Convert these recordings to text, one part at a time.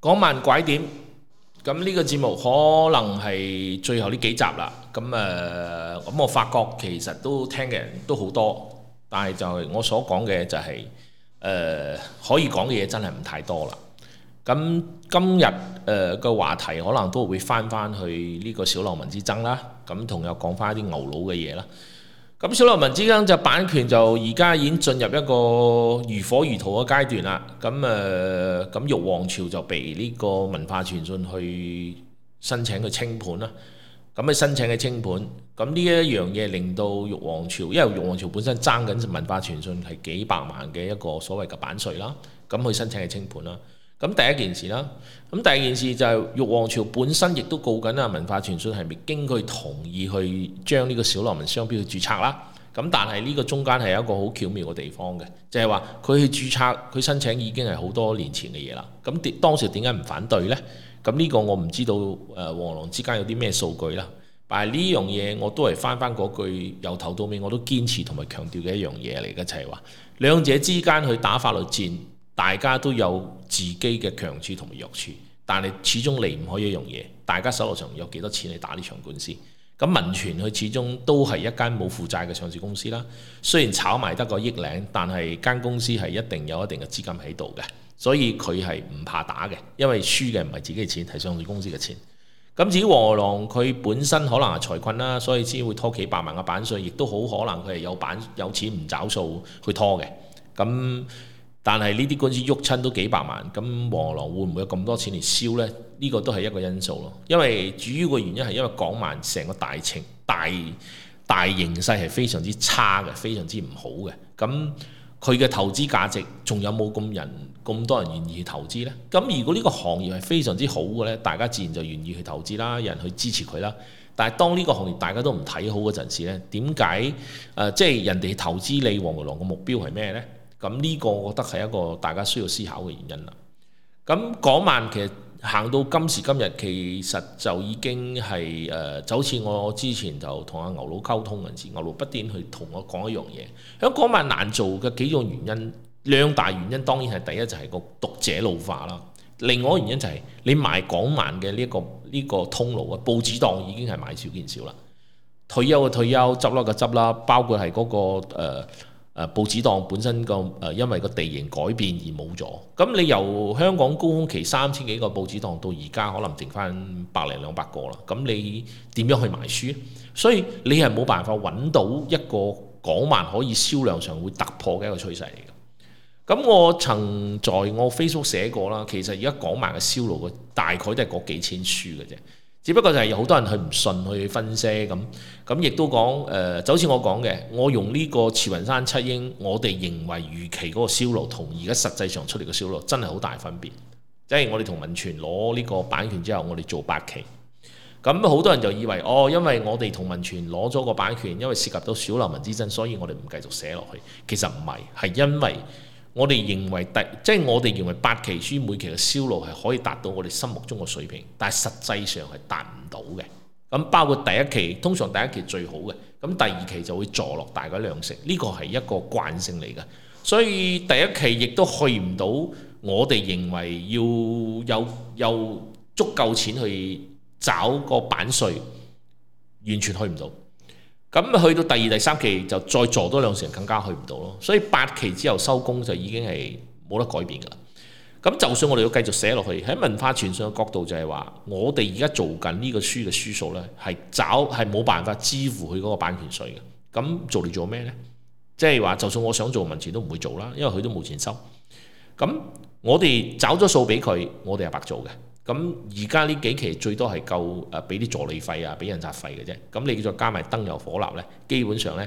港漫拐點，咁呢個節目可能係最後呢幾集啦。咁誒，咁、呃、我發覺其實都聽嘅人都好多，但係就係我所講嘅就係、是、誒、呃、可以講嘅嘢真係唔太多啦。咁今日誒個話題可能都會翻翻去呢個小流民之爭啦，咁同又講翻一啲牛佬嘅嘢啦。咁小流氓之間就版權就而家已經進入一個如火如荼嘅階段啦。咁誒，咁、呃、玉皇朝就被呢個文化傳信去申請去清盤啦。咁佢申請去清盤，咁呢一樣嘢令到玉皇朝，因為玉皇朝本身爭緊文化傳信係幾百萬嘅一個所謂嘅版稅啦。咁去申請去清盤啦。咁第一件事啦，咁第二件事就係玉皇朝本身亦都告緊啊，文化傳信係未經佢同意去將呢個小流氓商標去註冊啦。咁但係呢個中間係一個好巧妙嘅地方嘅，就係話佢去註冊，佢申請已經係好多年前嘅嘢啦。咁當時點解唔反對呢？咁、這、呢個我唔知道誒，黃龍之間有啲咩數據啦。但係呢樣嘢我都係翻翻嗰句由頭到尾我都堅持同埋強調嘅一樣嘢嚟嘅，就係話兩者之間去打法律戰。大家都有自己嘅強處同埋弱處，但係始終離唔開一樣嘢，大家手頭上有幾多錢去打呢場官司？咁民傳佢始終都係一間冇負債嘅上市公司啦。雖然炒埋得個億零，但係間公司係一定有一定嘅資金喺度嘅，所以佢係唔怕打嘅，因為輸嘅唔係自己嘅錢，係上市公司嘅錢。咁至於黃狼，佢本身可能係財困啦，所以先會拖幾百萬嘅版稅，亦都好可能佢係有版，有錢唔找數去拖嘅。咁但係呢啲官司喐親都幾百萬，咁黃牛郎會唔會有咁多錢嚟燒呢？呢、這個都係一個因素咯。因為主要個原因係因為港漫成個大情大大形勢係非常之差嘅，非常之唔好嘅。咁佢嘅投資價值仲有冇咁人咁多人願意去投資呢？咁如果呢個行業係非常之好嘅呢，大家自然就願意去投資啦，有人去支持佢啦。但係當呢個行業大家都唔睇好嗰陣時咧，點解誒即係人哋投資你黃牛郎嘅目標係咩呢？咁呢個我覺得係一個大家需要思考嘅原因啦。咁港漫其實行到今時今日，其實就已經係誒，就好似我之前就同阿牛佬溝通嗰陣時，牛佬不斷去同我講一樣嘢。響港漫難做嘅幾種原因，兩大原因當然係第一就係、是、個讀者老化啦。另外一個原因就係你賣港漫嘅呢一個呢、呢個通路啊，報紙檔已經係買少見少啦。退休嘅退休，執笠嘅執笠，包括係嗰、嗰個、呃誒、啊、報紙檔本身個誒、呃，因為個地形改變而冇咗。咁你由香港高峰期三千幾個報紙檔，到而家可能剩翻百零兩百個啦。咁你點樣去賣書？所以你係冇辦法揾到一個港漫可以銷量上會突破嘅一個趨勢嚟嘅。咁我曾在我 Facebook 寫過啦，其實而家港漫嘅銷路嘅大概都係嗰幾千書嘅啫。只不過就係好多人去唔信去分析咁，咁亦都講誒，就好似我講嘅，我用呢個慈雲山七英，我哋認為預期嗰個銷路同而家實際上出嚟嘅銷路真係好大分別。即係我哋同文傳攞呢個版權之後，我哋做八期。咁好多人就以為哦，因為我哋同文傳攞咗個版權，因為涉及到小流民之爭，所以我哋唔繼續寫落去。其實唔係，係因為。我哋認為第即係我哋認為八期書每期嘅銷路係可以達到我哋心目中嘅水平，但係實際上係達唔到嘅。咁包括第一期，通常第一期最好嘅，咁第二期就會坐落大概兩成，呢個係一個慣性嚟嘅。所以第一期亦都去唔到，我哋認為要有有足夠錢去找個版稅，完全去唔到。咁去到第二、第三期就再做多兩成更加去唔到咯。所以八期之後收工就已經係冇得改變噶啦。咁就算我哋要繼續寫落去，喺文化傳承嘅角度就係話，我哋而家做緊呢個書嘅書數呢，係找係冇辦法支付佢嗰個版權稅嘅。咁做嚟做咩呢？即係話，就算我想做文傳都唔會做啦，因為佢都冇錢收。咁我哋找咗數俾佢，我哋係白做嘅。咁而家呢幾期最多係夠誒俾啲助理費啊，俾人雜費嘅啫。咁你再加埋燈油火蠟呢，基本上呢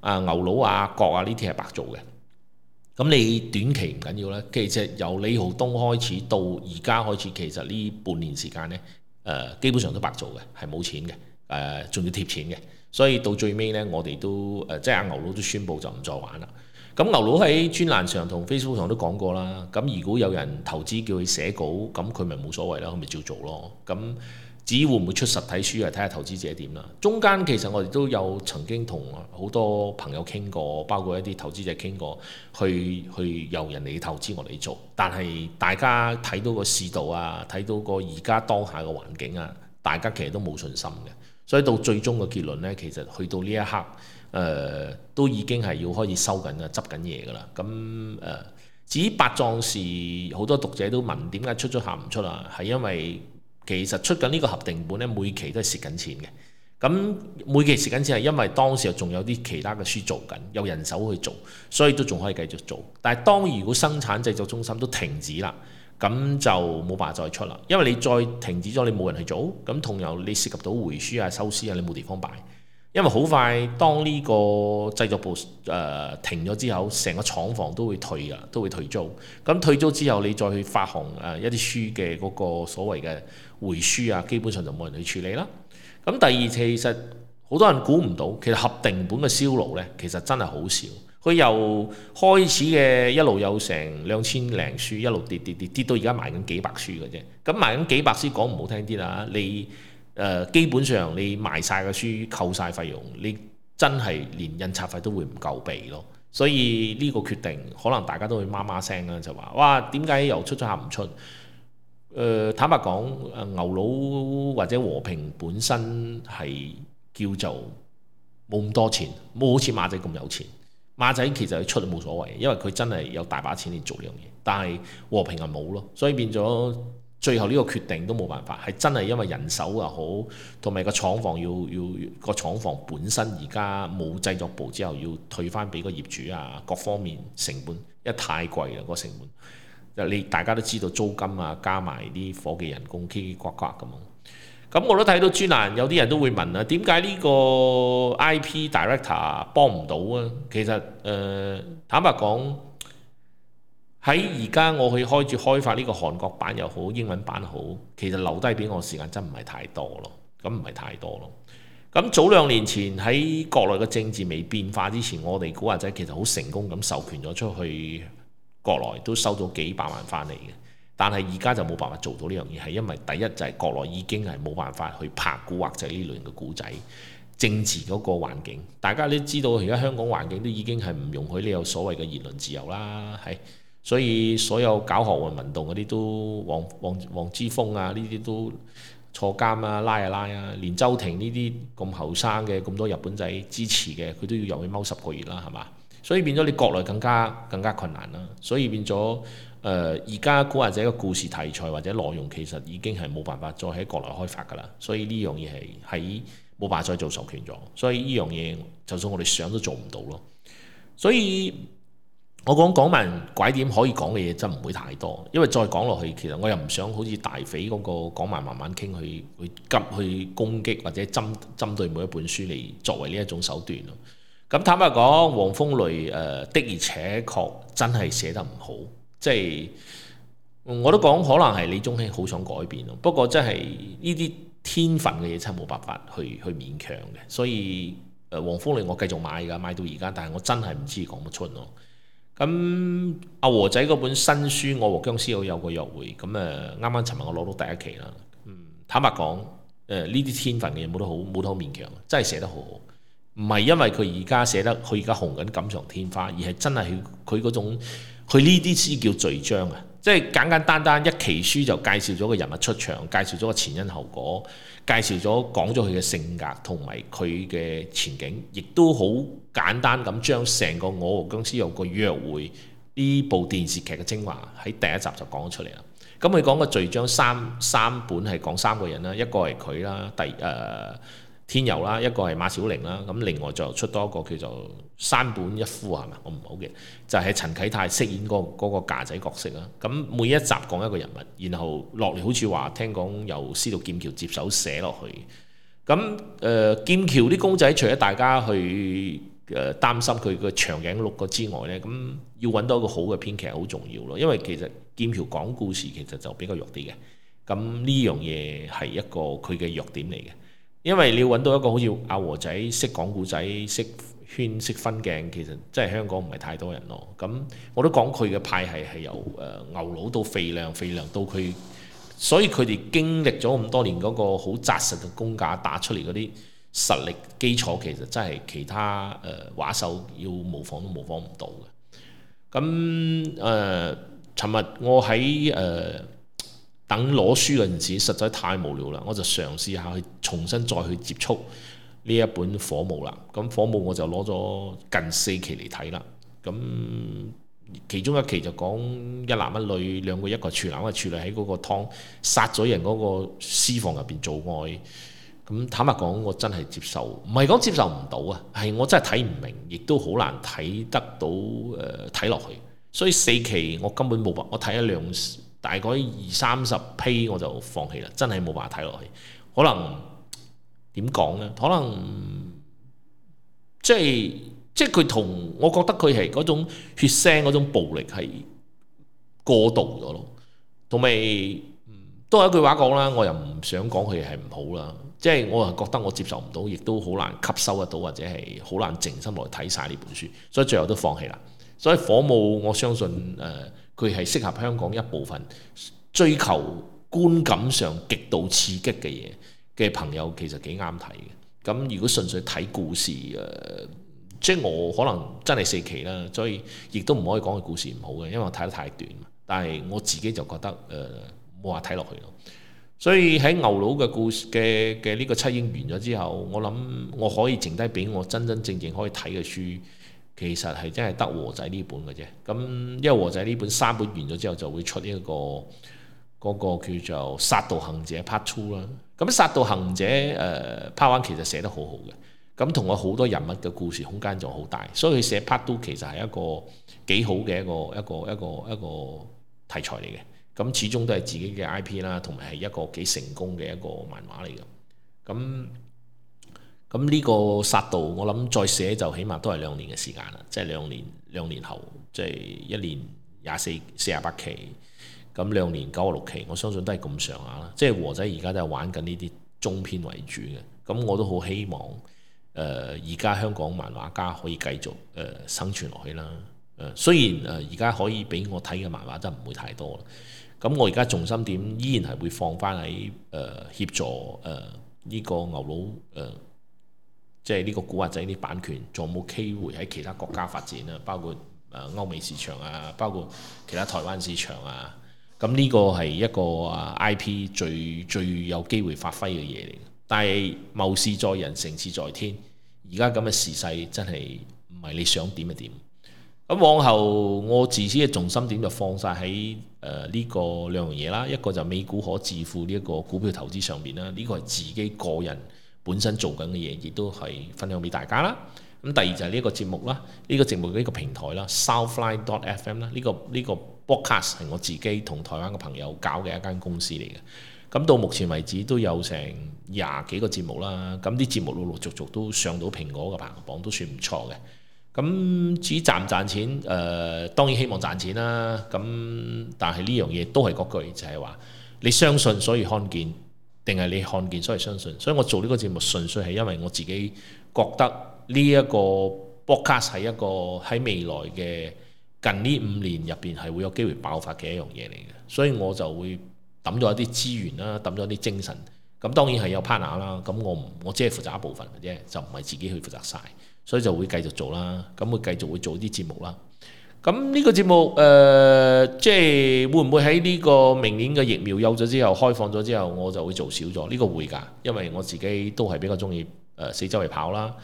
啊牛佬啊角啊呢啲係白做嘅。咁你短期唔緊要啦。其實由李浩東開始到而家開始，其實呢半年時間呢誒基本上都白做嘅，係冇錢嘅誒，仲、呃、要貼錢嘅。所以到最尾呢，我哋都誒、呃、即係阿牛佬都宣布就唔再玩啦。咁牛佬喺專欄上同 Facebook 上都講過啦。咁如果有人投資叫佢寫稿，咁佢咪冇所謂啦，佢咪照做咯。咁至於會唔會出實體書啊？睇下投資者點啦。中間其實我哋都有曾經同好多朋友傾過，包括一啲投資者傾過，去去由人嚟投資我哋做。但係大家睇到個市道啊，睇到個而家當下嘅環境啊，大家其實都冇信心嘅。所以到最終嘅結論呢，其實去到呢一刻。誒、呃、都已經係要開始收緊啦，執緊嘢㗎啦。咁誒、呃、至於八壯士，好多讀者都問點解出咗行唔出啦，啊？係因為其實出緊呢個合訂本咧，每期都係蝕緊錢嘅。咁每期蝕緊錢係因為當時仲有啲其他嘅書做緊，有人手去做，所以都仲可以繼續做。但係當如果生產製作中心都停止啦，咁就冇辦法再出啦，因為你再停止咗，你冇人去做，咁同樣你涉及到回書啊、收屍啊，你冇地方擺。因為好快，當呢個製作部誒、呃、停咗之後，成個廠房都會退噶，都會退租。咁退租之後，你再去發行誒一啲書嘅嗰個所謂嘅回書啊，基本上就冇人去處理啦。咁第二其實好多人估唔到，其實合訂本嘅銷路呢，其實真係好少。佢由開始嘅一路有成兩千零書，一路跌跌跌，跌到而家賣緊幾百書嘅啫。咁賣緊幾百書，講唔好聽啲啦，你。呃、基本上你賣晒嘅書扣晒費用，你真係連印刷費都會唔夠備咯。所以呢個決定可能大家都會媽媽聲啦，就話哇點解又出咗下唔出？呃，坦白講，牛佬或者和平本身係叫做冇咁多錢，冇好似馬仔咁有錢。馬仔其實佢出都冇所謂，因為佢真係有大把錢嚟做呢樣嘢。但係和平係冇咯，所以變咗。最後呢個決定都冇辦法，係真係因為人手又好，同埋個廠房要要、個廠房本身而家冇製作部之後，要退翻俾個業主啊，各方面成本，因為太貴啦、個成本。你大家都知道租金啊，加埋啲伙計人工，奇奇怪怪咁啊。咁我都睇到專欄，有啲人都會問啊，點解呢個 IP Director 幫唔到啊？其實誒、呃，坦白講。喺而家我去開住開發呢個韓國版又好英文版好，其實留低俾我時間真唔係太多咯，咁唔係太多咯。咁早兩年前喺國內嘅政治未變化之前，我哋古惑仔其實好成功咁授權咗出去國內，都收咗幾百萬翻嚟嘅。但係而家就冇辦法做到呢樣嘢，係因為第一就係、是、國內已經係冇辦法去拍古惑仔呢類型嘅古仔，政治嗰個環境，大家都知道而家香港環境都已經係唔容許你有所謂嘅言論自由啦，係。所以所有搞學運運動嗰啲都黃黃黃之鋒啊，呢啲都坐監啊，拉啊拉啊，連周庭呢啲咁後生嘅咁多日本仔支持嘅，佢都要入去踎十個月啦，係嘛？所以變咗你國內更加更加困難啦。所以變咗誒而家古惑仔嘅故事題材或者內容其實已經係冇辦法再喺國內開發㗎喇。所以呢樣嘢係喺冇辦法再做授權咗。所以呢樣嘢就算我哋想都做唔到咯。所以。我講講埋港漫拐點可以講嘅嘢，真唔會太多，因為再講落去，其實我又唔想好似大匪嗰個港漫慢慢傾，去去急去攻擊或者針針對每一本書嚟作為呢一種手段咯。咁坦白講，《黃風雷》誒的而且確真係寫得唔好，即係我都講可能係李中興好想改變咯。不過真係呢啲天分嘅嘢真係冇辦法去去勉強嘅。所以誒，《黃風雷》我繼續買㗎，買到而家，但係我真係唔知講乜出咯。咁阿和仔嗰本新書《我和殭屍有個約會》咁誒，啱啱尋日我攞到第一期啦。嗯，坦白講，誒呢啲天分嘅嘢冇得好，冇得好勉強，真係寫得好好。唔係因為佢而家寫得，佢而家紅緊，錦上添花，而係真係佢佢嗰種，佢呢啲先叫序章啊。即係簡簡單單一期書就介紹咗個人物出場，介紹咗個前因後果，介紹咗講咗佢嘅性格同埋佢嘅前景，亦都好簡單咁將成個我和僵屍有個約會呢部電視劇嘅精華喺第一集就講咗出嚟啦。咁佢講個序章三三本係講三個人啦，一個係佢啦，第誒。呃天佑啦，一個係馬小玲啦，咁另外就出多一個叫做山本一夫係咪？我唔好嘅，就係、是、陳啟泰飾演、那個嗰、那個架仔角色啊。咁每一集講一個人物，然後落嚟好似話聽講由司徒劍橋接手寫落去。咁誒、呃、劍橋啲公仔，除咗大家去誒擔心佢個長頸鹿個之外呢，咁要揾到個好嘅編劇好重要咯。因為其實劍橋講故事其實就比較弱啲嘅，咁呢樣嘢係一個佢嘅弱點嚟嘅。因為你要揾到一個好似阿和仔識講故仔、識圈、識分鏡，其實真係香港唔係太多人咯。咁我都講佢嘅派係係由誒、呃、牛佬到肥亮，肥亮到佢，所以佢哋經歷咗咁多年嗰個好扎實嘅功架，打出嚟嗰啲實力基礎，其實真係其他誒畫手要模仿都模仿唔到嘅。咁誒，尋、呃、日我喺誒。呃等攞書嗰陣時，實在太無聊啦，我就嘗試下去重新再去接觸呢一本《火舞》啦。咁《火舞》我就攞咗近四期嚟睇啦。咁其中一期就講一男一女兩個一個處男，一個處女喺嗰個湯殺咗人嗰個私房入邊做愛。咁坦白講，我真係接受，唔係講接受唔到啊，係我真係睇唔明，亦都好難睇得到誒睇落去。所以四期我根本冇法，我睇咗兩，大概二三十批我就放棄啦，真係冇辦法睇落去。可能點講呢？可能即係即係佢同我覺得佢係嗰種血腥嗰種暴力係過度咗咯。同埋都係一句話講啦，我又唔想講佢係唔好啦。即係我又覺得我接受唔到，亦都好難吸收得到，或者係好難靜心落去睇晒呢本書，所以最後都放棄啦。所以火舞，我相信誒。呃佢係適合香港一部分追求觀感上極度刺激嘅嘢嘅朋友，其實幾啱睇嘅。咁如果純粹睇故事，誒、呃，即係我可能真係四期啦，所以亦都唔可以講佢故事唔好嘅，因為我睇得太短。但係我自己就覺得，誒、呃，冇話睇落去咯。所以喺牛佬嘅故事嘅嘅呢個七英完咗之後，我諗我可以剩低俾我真真正正，正可以睇嘅書。其實係真係得《和仔》呢本嘅啫，咁因為《和仔》呢本三本完咗之後就會出一個嗰個，個叫做《殺道行者》呃、part two 啦。咁《殺道行者》誒 part one 其實寫得好好嘅，咁同我好多人物嘅故事空間就好大，所以佢寫 part two 其實係一個幾好嘅一個一個一個一個，一個題材嚟嘅。咁始終都係自己嘅 IP 啦，同埋係一個幾成功嘅一個漫畫嚟嘅。咁咁呢個殺度，我諗再寫就起碼都係兩年嘅時間啦，即係兩年兩年後，即係一年廿四，四十八期，咁兩年九十六期，我相信都係咁上下啦。即係和仔而家都係玩緊呢啲中篇為主嘅，咁我都好希望誒而家香港漫畫家可以繼續誒、呃、生存落去啦。誒、呃、雖然誒而家可以俾我睇嘅漫畫真係唔會太多啦，咁我而家重心點依然係會放翻喺誒協助誒呢、呃個牛佬誒。呃即係呢個古惑仔啲版權仲冇機會喺其他國家發展啊，包括誒歐美市場啊，包括其他台灣市場啊。咁呢個係一個啊 IP 最最有機會發揮嘅嘢嚟。但係謀事在人，成事在天。而家咁嘅時勢真係唔係你想點就點。咁往後我自身嘅重心點就放晒喺誒呢個兩樣嘢啦，一個就美股可致富呢一個股票投資上面啦。呢個係自己個人。本身做緊嘅嘢，亦都係分享俾大家啦。咁第二就係呢個節目啦，呢、這個節目呢個平台啦，Soundfly.fm 啦，呢、這個呢、這個 podcast 係我自己同台灣嘅朋友搞嘅一間公司嚟嘅。咁到目前為止都有成廿幾個節目啦。咁啲節目陸陸續續都上到蘋果嘅排行榜，都算唔錯嘅。咁至於賺唔賺錢，誒、呃、當然希望賺錢啦。咁但係呢樣嘢都係嗰句，就係話你相信，所以看見。定係你看見所以相信，所以我做呢個節目純粹係因為我自己覺得呢一個 podcast 係一個喺未來嘅近呢五年入邊係會有機會爆發嘅一樣嘢嚟嘅，所以我就會揼咗一啲資源啦，揼咗啲精神。咁當然係有 partner 啦，咁我唔我只係負責一部分嘅啫，就唔係自己去負責晒。所以就會繼續做啦，咁會繼續會做啲節目啦。咁呢個節目誒、呃，即係會唔會喺呢個明年嘅疫苗有咗之後開放咗之後，我就會做少咗呢、這個會㗎，因為我自己都係比較中意誒四周圍跑啦。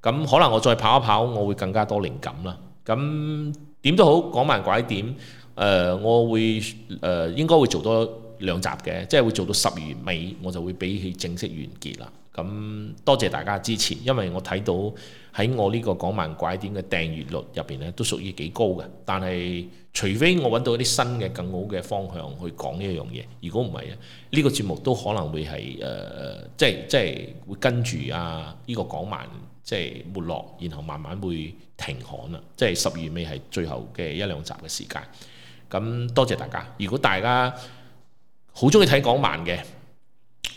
咁、嗯、可能我再跑一跑，我會更加多靈感啦。咁點都好講埋拐點誒、呃，我會誒、呃、應該會做多兩集嘅，即係會做到十月尾，我就會俾佢正式完結啦。咁多謝大家支持，因為我睇到喺我呢個港漫拐點嘅訂閱率入邊咧，都屬於幾高嘅。但係除非我揾到一啲新嘅更好嘅方向去講呢一樣嘢，如果唔係呢個節目都可能會係誒、呃，即係即係會跟住啊呢、這個港漫即係沒落，然後慢慢會停刊啦。即係十二月尾係最後嘅一兩集嘅時間。咁多謝大家，如果大家好中意睇港漫嘅。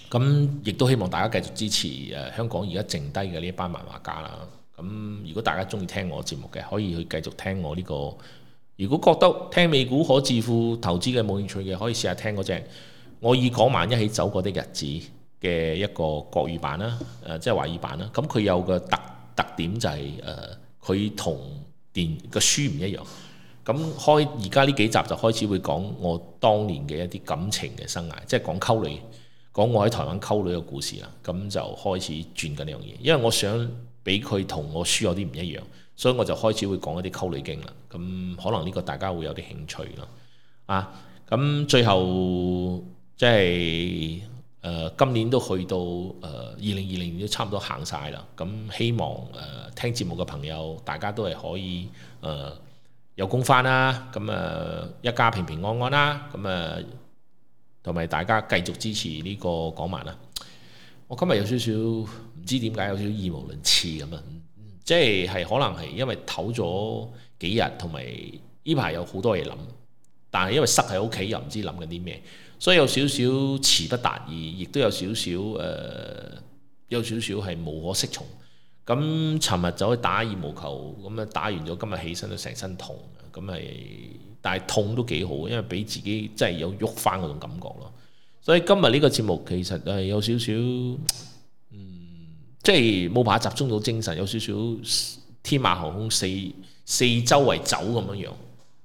咁亦都希望大家繼續支持誒、呃、香港而家剩低嘅呢一班漫畫家啦。咁、呃、如果大家中意聽我節目嘅，可以去繼續聽我呢、這個。如果覺得聽美股可致富投資嘅冇興趣嘅，可以試下聽嗰隻我與港漫一起走過的日子嘅一個國語版啦，誒、呃、即係華語版啦。咁、呃、佢有個特特點就係誒佢同電個書唔一樣。咁、嗯、開而家呢幾集就開始會講我當年嘅一啲感情嘅生涯，即係講溝女。講我喺台灣溝女嘅故事啦，咁就開始轉緊呢樣嘢，因為我想俾佢同我書有啲唔一樣，所以我就開始會講一啲溝女經啦。咁可能呢個大家會有啲興趣咯。啊，咁最後即係誒今年都去到誒二零二零年都差唔多行晒啦。咁、呃、希望誒、呃、聽節目嘅朋友大家都係可以誒、呃、有工返啦。咁、啊、誒、啊、一家平平安安啦。咁、啊、誒。啊同埋大家繼續支持呢個港漫啦。我今日有少少唔知點解有少少語無倫次咁啊！即係係可能係因為唞咗幾日，同埋呢排有好多嘢諗，但係因為塞喺屋企又唔知諗緊啲咩，所以有少少詞不達意，亦都有少少誒、呃，有少少係無可適從。咁尋日就去打羽毛球，咁啊打完咗，今日起身都成身痛，咁係但係痛都幾好，因為俾自己真係有喐翻嗰種感覺咯。所以今日呢個節目其實係有少少，嗯，即係冇辦法集中到精神，有少少天馬行空四四周圍走咁樣樣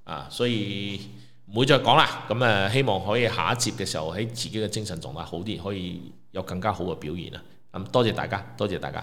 啊，所以唔會再講啦。咁、嗯、啊，希望可以下一節嘅時候，喺自己嘅精神狀態好啲，可以有更加好嘅表現啊。咁、嗯、多謝大家，多謝大家。